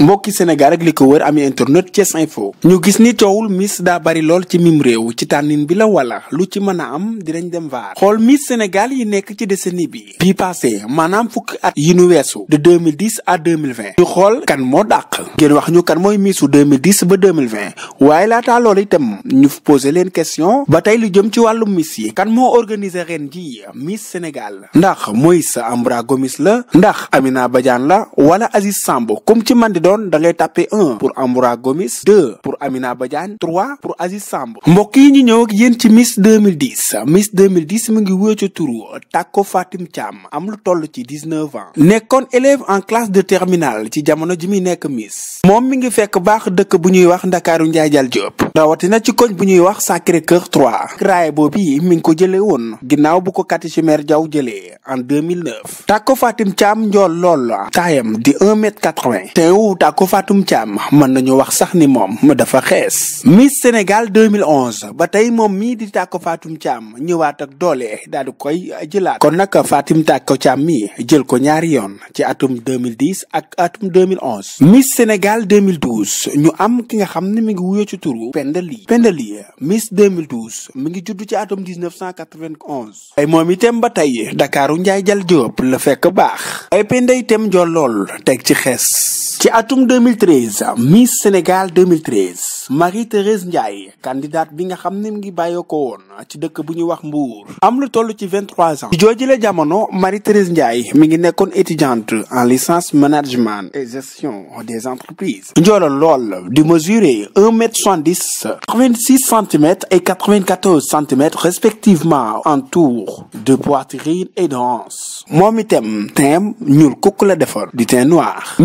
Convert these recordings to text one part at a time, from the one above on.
mbokki Sénégal ak li ko wër ami internet Thiès Info ñu gis ni coowul Miss da bari lool ci mim réew ci tànnin bi la wala lu ci mën a am dinañ dem vaar xool Miss Sénégal yi nekk ci décennie bi bii passé maanaam fukk at yi nu weesu de 2010 à 2020 ñu xool kan moo dàq ngeen wax ñu kan mooy Missu 2010 ba 2020 waaye laataa loolu itam ñu posé leen question ba tey lu jëm ci wàllu Miss yi kan moo organiser ren ji Miss Sénégal ndax mooy sa Ambra Gomis la ndax Amina Badiane la wala Aziz Samb comme ci man doon da ngay tàppe un pour Amoura Gomis deux pour Amina Badiane trois pour Aziz Samb mbokk yi ñu ñëw ak yéen ci Miss 2010 Miss 2010 mu ngi wéy ci turu Tako Fatim Thiam am lu toll ci dix-neuf ans nekkoon élève en classe de terminale ci jamono ji muy nekk Miss moom mi ngi fekk baax dëkk bu ñuy wax Ndakaaru Njaay Jal Diop rawatina ci koñ bu ñuy wax Sacré Cœur 3 raaye boobu mi ngi ko jëlee woon ginnaaw bu ko Kati Chimère jaw jëlee en takko Tako Fatim Thiam njool lool taayam di un mètre quatre-vingt Tàkku Fatum Thiam mën nañu wax sax ni moom dafa xees Miss Sénégal 2011 ba tey moom mii di Tàkku Fatum Thiam ñëwaat ak doole daal di koy jëlaat kon nag Fatim Tàkku Thiam mi jël ko ñaari yoon ci atum 2010 ak atum 2011 Miss Sénégal 2012 ñu am ki nga xam ne mi ngi wuyoo ci turu Penda Ly Penda Ly Miss 2012 mi ngi judd ci atum 1991 ay moom itam ba tey Dakaaru Njaay Jal Jóob la fekk baax ay Penda itam jollool teg ci xees ci atum 2013 Miss Sénégal 2013 Marie-Thérèse Ndiaye candidate bi nga xam ne mu ngi bàyyoo ko woon ci dëkk bu ñuy wax Mbour. am lu toll ci 23 ans. ci jooju la jamono Marie-Thérèse Ndiaye mi ngi nekkoon étudiante en licence management et gestion des entreprises. njoolal lool di mesurer 1 mètre 70 86 centimètres et 94 centimètres respectivement en tour de poitrine et de hanche moom itam teem ñuul kukk la defar di teint noir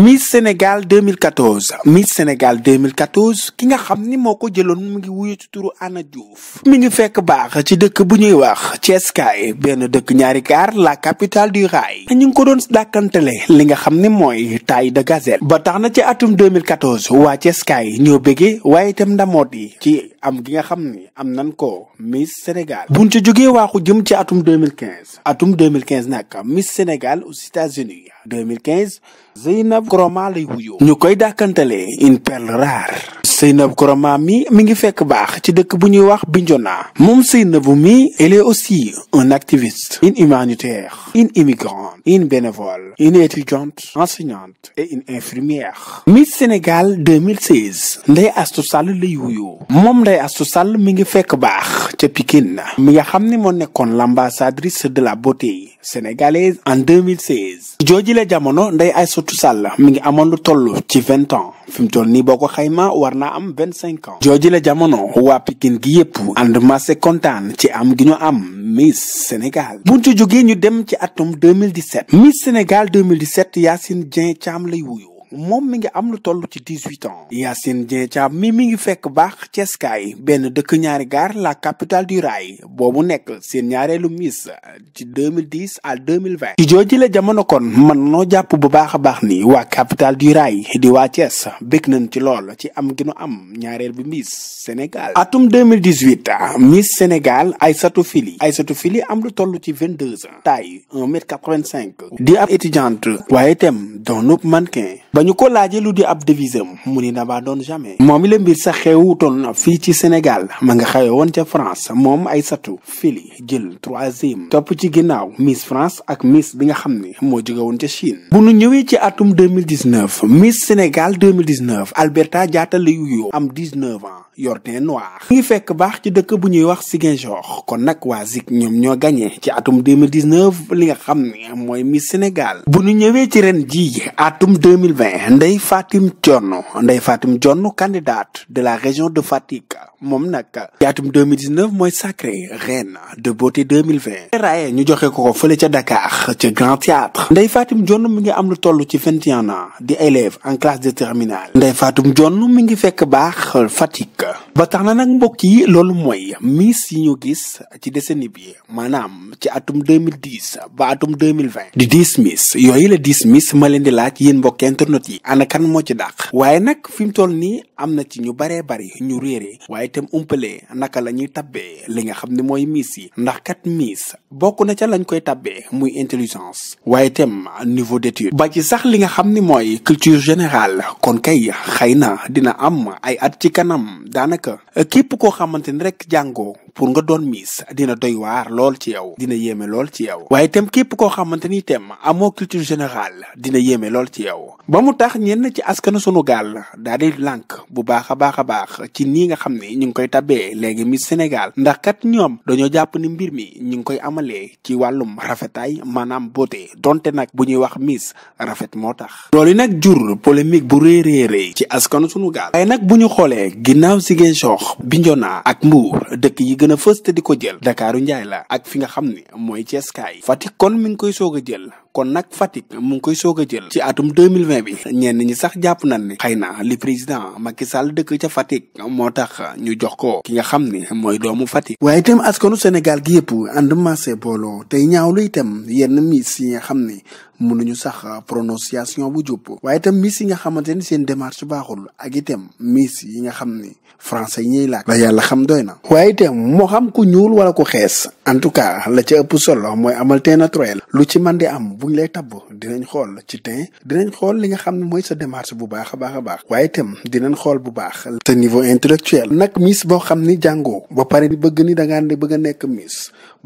Sénégal 2014 Miss Sénégal 2014 ki nga xam ni moo ko jëloon mi ngi wuyu ci turu Anna Diouf mi ngi fekk baax ci dëkk bu ñuy wax Thiès kaay benn dëkk ñaari gaar la capital du rail ñu ngi ko doon dàkkantale li nga xam ne mooy taille de gazelle ba tax na ci atum 2014 waa Thiès kaay ñoo bëggee waaye itam ndamoot yi ci am gi nga xam ni am nan ko Miss Sénégal buñ ci jógee waaxu jëm ci atum 2015 atum 2015 nag Miss Sénégal aux États-Unis 2015 Zeynab Koroma lay wuyoo ñu koy dàkkantalee une perle rare Seynab Koroma mi mi ngi fekk baax ci dëkk bu ñuy wax Bignona moom Seynabu mi elle aussi un activiste une humanitaire une immigrante une bénévole une étudiante enseignante et une infirmière Miss Sénégal 2016 Ndeye Astou Sall lay wuyoo moom Ndeye Astou Sall mi ngi fekk baax ca Pikine mi nga xam ne moo nekkoon l'ambassadrice de la beauté sénégalaise en 2016 jooji la jamono Ndeye Astou Sall mi ngi amoon lu toll ci vingt ans fi toll nii boo xayma war am vingt cinq ans jooji la jamono waa Pikine gi yépp ànd maase kontaan ci am gi ñu am Miss Sénégal bu ci jógee ñu dem ci atum 2017 Miss Sénégal 2017 Yacine Dieng Thiam lay wuyu moom mi ngi am lu toll ci dix-huit ans seen Dieng Thiam mi mi ngi fekk baax ci Sky benn dëkk ñaari gaar la capitale du rail boobu nekk seen ñaareelu miss ci 2010 à 2020 ci jooji la jamono kon mën noo jàpp bu baax a baax ni waa capitale du di waa Thiès bëgg nañ ci lool ci am gi am ñaareel bi miss Sénégal atum 2018 miss Sénégal Aïssatou Fili Aïssatou Fili am lu toll ci 22 ans taille 1 mètre 85 di ab étudiante waaye itam doonub mannequin ba ko laajee lu di ab devise am mu ni dama doon jamais moom la mbir sax xewutoon fii ci Sénégal ma nga xewe woon ca France moom ay Aïssatou Fili jël troisième topp ci ginnaaw Miss France ak Miss bi nga xam ne moo jóge woon ca Chine bu nu ñëwee ci atum 2019 Miss Sénégal 2019 Alberta Diatta la yuyo am 19 ans yor teint noir ngi fekk baax ci dëkk bu ñuy wax Ziguinchor kon nag waa Zig ñoom ñoo gagné ci atum 2019 li nga xam ne mooy Miss Sénégal bu ñu ñëwee ci ren jii atum 2020 Ndeye Fatim Dione Ndeye Fatim Dione candidate de la région de Fatick moom nag ci atum 2019 mooy sacré reine de beauté 2020 raye ñu joxe ko ko fële ca Dakar ca Grand Théâtre Ndeye Fatim Dione mi ngi am lu toll ci 21 ans di élève en classe de terminale nday faatum Dione mi ngi fekk baax Fatick ba tax na nag mbokk yi loolu mooy miss yi ñu gis ci décennie bi maanaam ci atum 2010 ba atum 2020 di 10 miss yooyu la 10 miss ma leen di laaj yéen mbokk internet yi ana kan moo ci dàq waaye nag fi mu toll nii am na ci ñu baree bari ñu réere waaye itam umpalee naka la ñuy tabbee li nga xam ne mooy miis yi ndax kat miis bokk na ca lañ koy tabbee muy intelligence waaye itam niveau d'étude ba ci sax li nga xam ni mooy culture générale kon kay xëy na dina am ay at ci kanam daanaka képp koo xamante ni rek jàngoo pour nga doon miis dina doy waar lool ci yow dina yéeme lool ci yow waaye itam képp koo xamante ni itam amoo culture général dina yéeme lool ci yow ba mu tax ñenn ci askanu sunu gaal daal di lànk bu baax a baax a baax ci nii nga xam ne ñu ngi koy tabee léegi Miss Sénégal ndax kat ñoom dañoo jàpp ni mbir mi ñu ngi koy amalee ci wàllum rafetaay maanaam beauté donte nag bu ñuy wax miis rafet moo tax loolu nag jur polémique bu rëy rëy rëy ci askanu sunu gaal waaye nag bu ñu xoolee ginnaaw Ziguinchor Bignona ak Mbour dëkk yi gën a fës te di ko jël Dakaaru Njaay la ak fi nga xam ne mooy Ceeskaay fatik kon mi ngi koy soog a jël kon nag Fatick mu ngi koy soog a jël ci atum deux 2020 bi ñenn ñi sax jàpp nañ ni xëy na li président Macky Sall dëkk ca Fatick moo tax ñu jox ko ki nga xam ni mooy doomu Fatick waaye itam askanu Sénégal gi yëpp ànd maase booloo tey lu itam yenn miss yi nga xam ni mënuñu sax prononciation bu jub waaye itam miss yi nga xamante ni seen démarche baaxul ak itam yi nga xam ni français yi ñuy laaj la yàlla xam doy na waaye itam moo xam ku ñuul wala ku xees en tout cas la ca ëpp solo mooy amal tee naturel lu ci man di buñ lay tabb dinañ xool ci teint dinañ xool li nga xam ne mooy sa démarche bu baax a baax a baax waaye itam dinañ xool bu baax sa niveau intellectuel nag miss boo xam ni jàngoo ba pare di bëgg ni da ngaa ne bëgg a nekk miss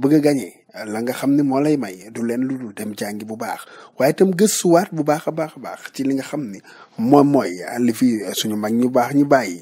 bëgg a gañee la nga xam ni moo lay may du leen lu dul dem jàngi bu baax waaye itam gëstuwaat bu baax a baax a baax ci li nga xam ni moom mooy li fi suñu mag ñu baax ñu bàyyi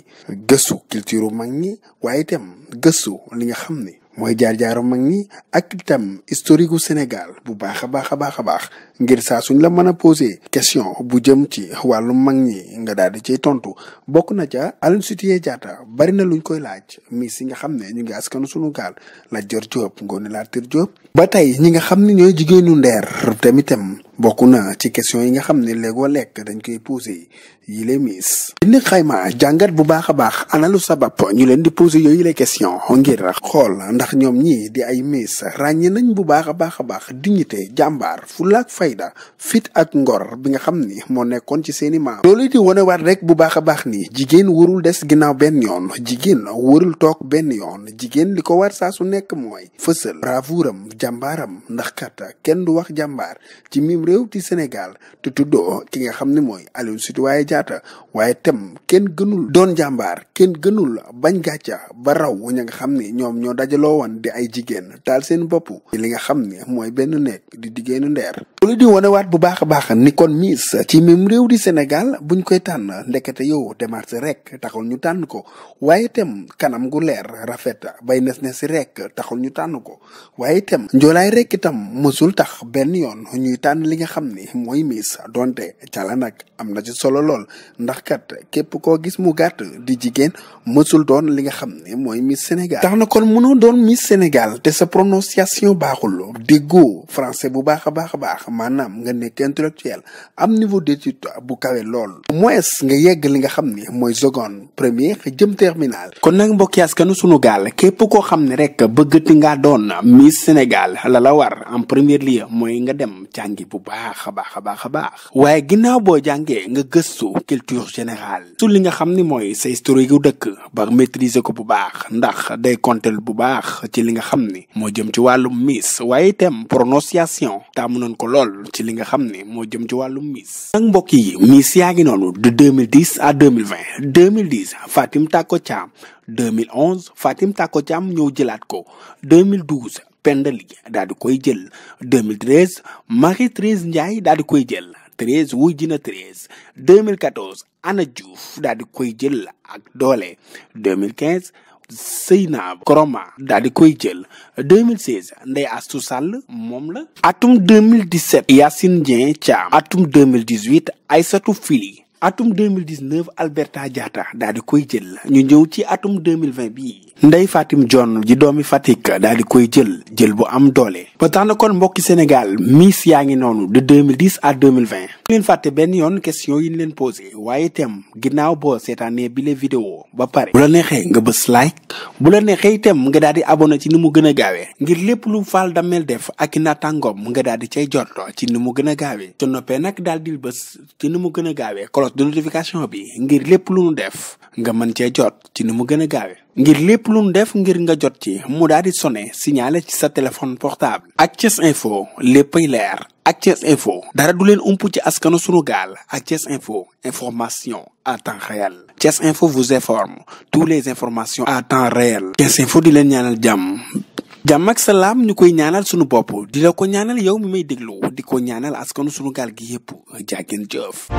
gëstu culture mag ñi waaye itam gëstu li nga xam ni mooy jaar jaaru mag ñi ak itam historique Sénégal bu baax a baax a baax a baax ngir saa suñ la mën a posé question bu jëm ci wàllu mag ñi nga daal di ciy tontu bokk na ca Aline Sitoé Diatta bari na luñ koy laaj miss yi nga xam ne ñu ngi askanu suñu gaal Lat Dior Diop Ngoné Latyr Diop ba tey ñi nga xam ne ñooy jigéenu ndeer tamitam bokk na ci question yi nga xam ne léegoo lekk dañ koy posé yi les miss dina xayma jàngat bu baax a baax ana lu sabab ñu leen di posé yooyu les questions ngir xool ndax ñoom ñi di ay miis ràññe nañ bu baax a baax a baax dignité jàmbaar fulaak fay fayda fit ak ngor bi nga xam ni moo nekkoon ci seeni maam loolu di wonewaat rek bu baax a baax ni jigéen warul des ginnaaw benn yoon jigéen warul toog benn yoon jigéen li ko war saa su nekk mooy fësal bravouram jàmbaaram ndax kat kenn du wax jàmbaar ci mim réew ci Sénégal te tuddoo ki nga xam ni mooy Aline Sitoé Diatta waaye tem kenn gënul doon jàmbaar kenn gënul bañ gàcca ba raw ña nga xam ni ñoom ñoo dajaloo wan di ay jigéen taal seen bopp li nga xam ni mooy benn nekk di diggéenu di wonewaat bu baax a baax ni kon Miss ci même réew di Sénégal buñ koy tànn ndekete yow démarche rek taxul ñu tànn ko waaye itam kanam gu leer rafet bay nes-nes rek taxul ñu tànn ko waaye itam njoolaay rek itam mësul tax benn yoon ñuy tànn li nga xam ni mooy Miss donte cala nag am na ci solo lool ndax kat képp koo gis mu gàtt di jigéen mësul doon li nga xam ne mooy miis Sénégal. tax na kon mënoo doon Miss Sénégal te sa prononciation baaxul déggoo français maanaam nga nekk intellectuel am niveau d'étude bu kawe lool au nga yegg li nga xam ni mooy seconde première jëm terminal kon nag mbokki askanu sunu gaal képp koo xam ne rek bëggati nga doon Miss Sénégal la la war en premier lieu mooy nga dem jàngi bu baax a baax a baax a baax waaye ginnaaw boo jàngee nga gëstu culture général su li nga xam ni mooy sa historique yu dëkk ba maîtriser ko bu baax ndax day compter bu baax ci li nga xam ni moo jëm ci wàllum Miss waaye itam prononciation lool ci li nga xam ne moo jëm ci wàllum miss. nag mbokk yi miss yaa ngi noonu de 2010 à deux 2020 2010 Fatim Tako Thiam 2011 Fatim Tako Thiam ñëw jëlaat ko 2012 Penda Ly daal di koy jël 2013 Marie-Thérèse Ndiaye daal di koy jël. 13 wuy jina 13 2014 Ana Diouf daal di koy jël ak doole 2015 Seynab Koroma daal di koy jël 2016 Ndeye Astou Sall moom la atum 2017 Yacine Dieng Thiam atum 2018 Aïssatou Fili atum 2019 Alberta Diatta daal di koy jël ñu ñëw ci atum 2020 bii Ndeye Fatim John ji doomi Fatick daal di koy jël jël bu am doole ba tax na kon mbokki Sénégal miss yaa ngi noonu de 2010 à 2020 leen fàtte benn yoon question yi ñu leen posé waaye teem ginnaaw boo seetaanee bile vidéo ba pare bu la neexee nga bës like bu la neexee itam nga daal di abonné ci ni mu gën a gaawee ngir lépp lu Fall Damel def ak i naataangoom nga daal di cay jottoo ci ni mu gën a gaawee su noppee nag daal di bës ci ni mu gën a gaawee cloche de notification bi ngir lépp lu nu def nga mën cee jot ci ni mu gën a gaawee ngir lépp lu nu def ngir nga jot ci mu daal di sonné signalé ci sa téléphone portable ak Thiès Info léppay leer ak Thiès Info dara du leen ump ci askanu sunu gaal ak Thiès Info information à temps réel Thiès Info vous informe tous les information à temps réel Thiès Info di leen ñaanal jàmm jàmm ak salaam ñu koy ñaanal sunu bopp di la ko ñaanal yow mi may déglu di ko ñaanal askanu sunu gaal gi yépp jàggeen jëf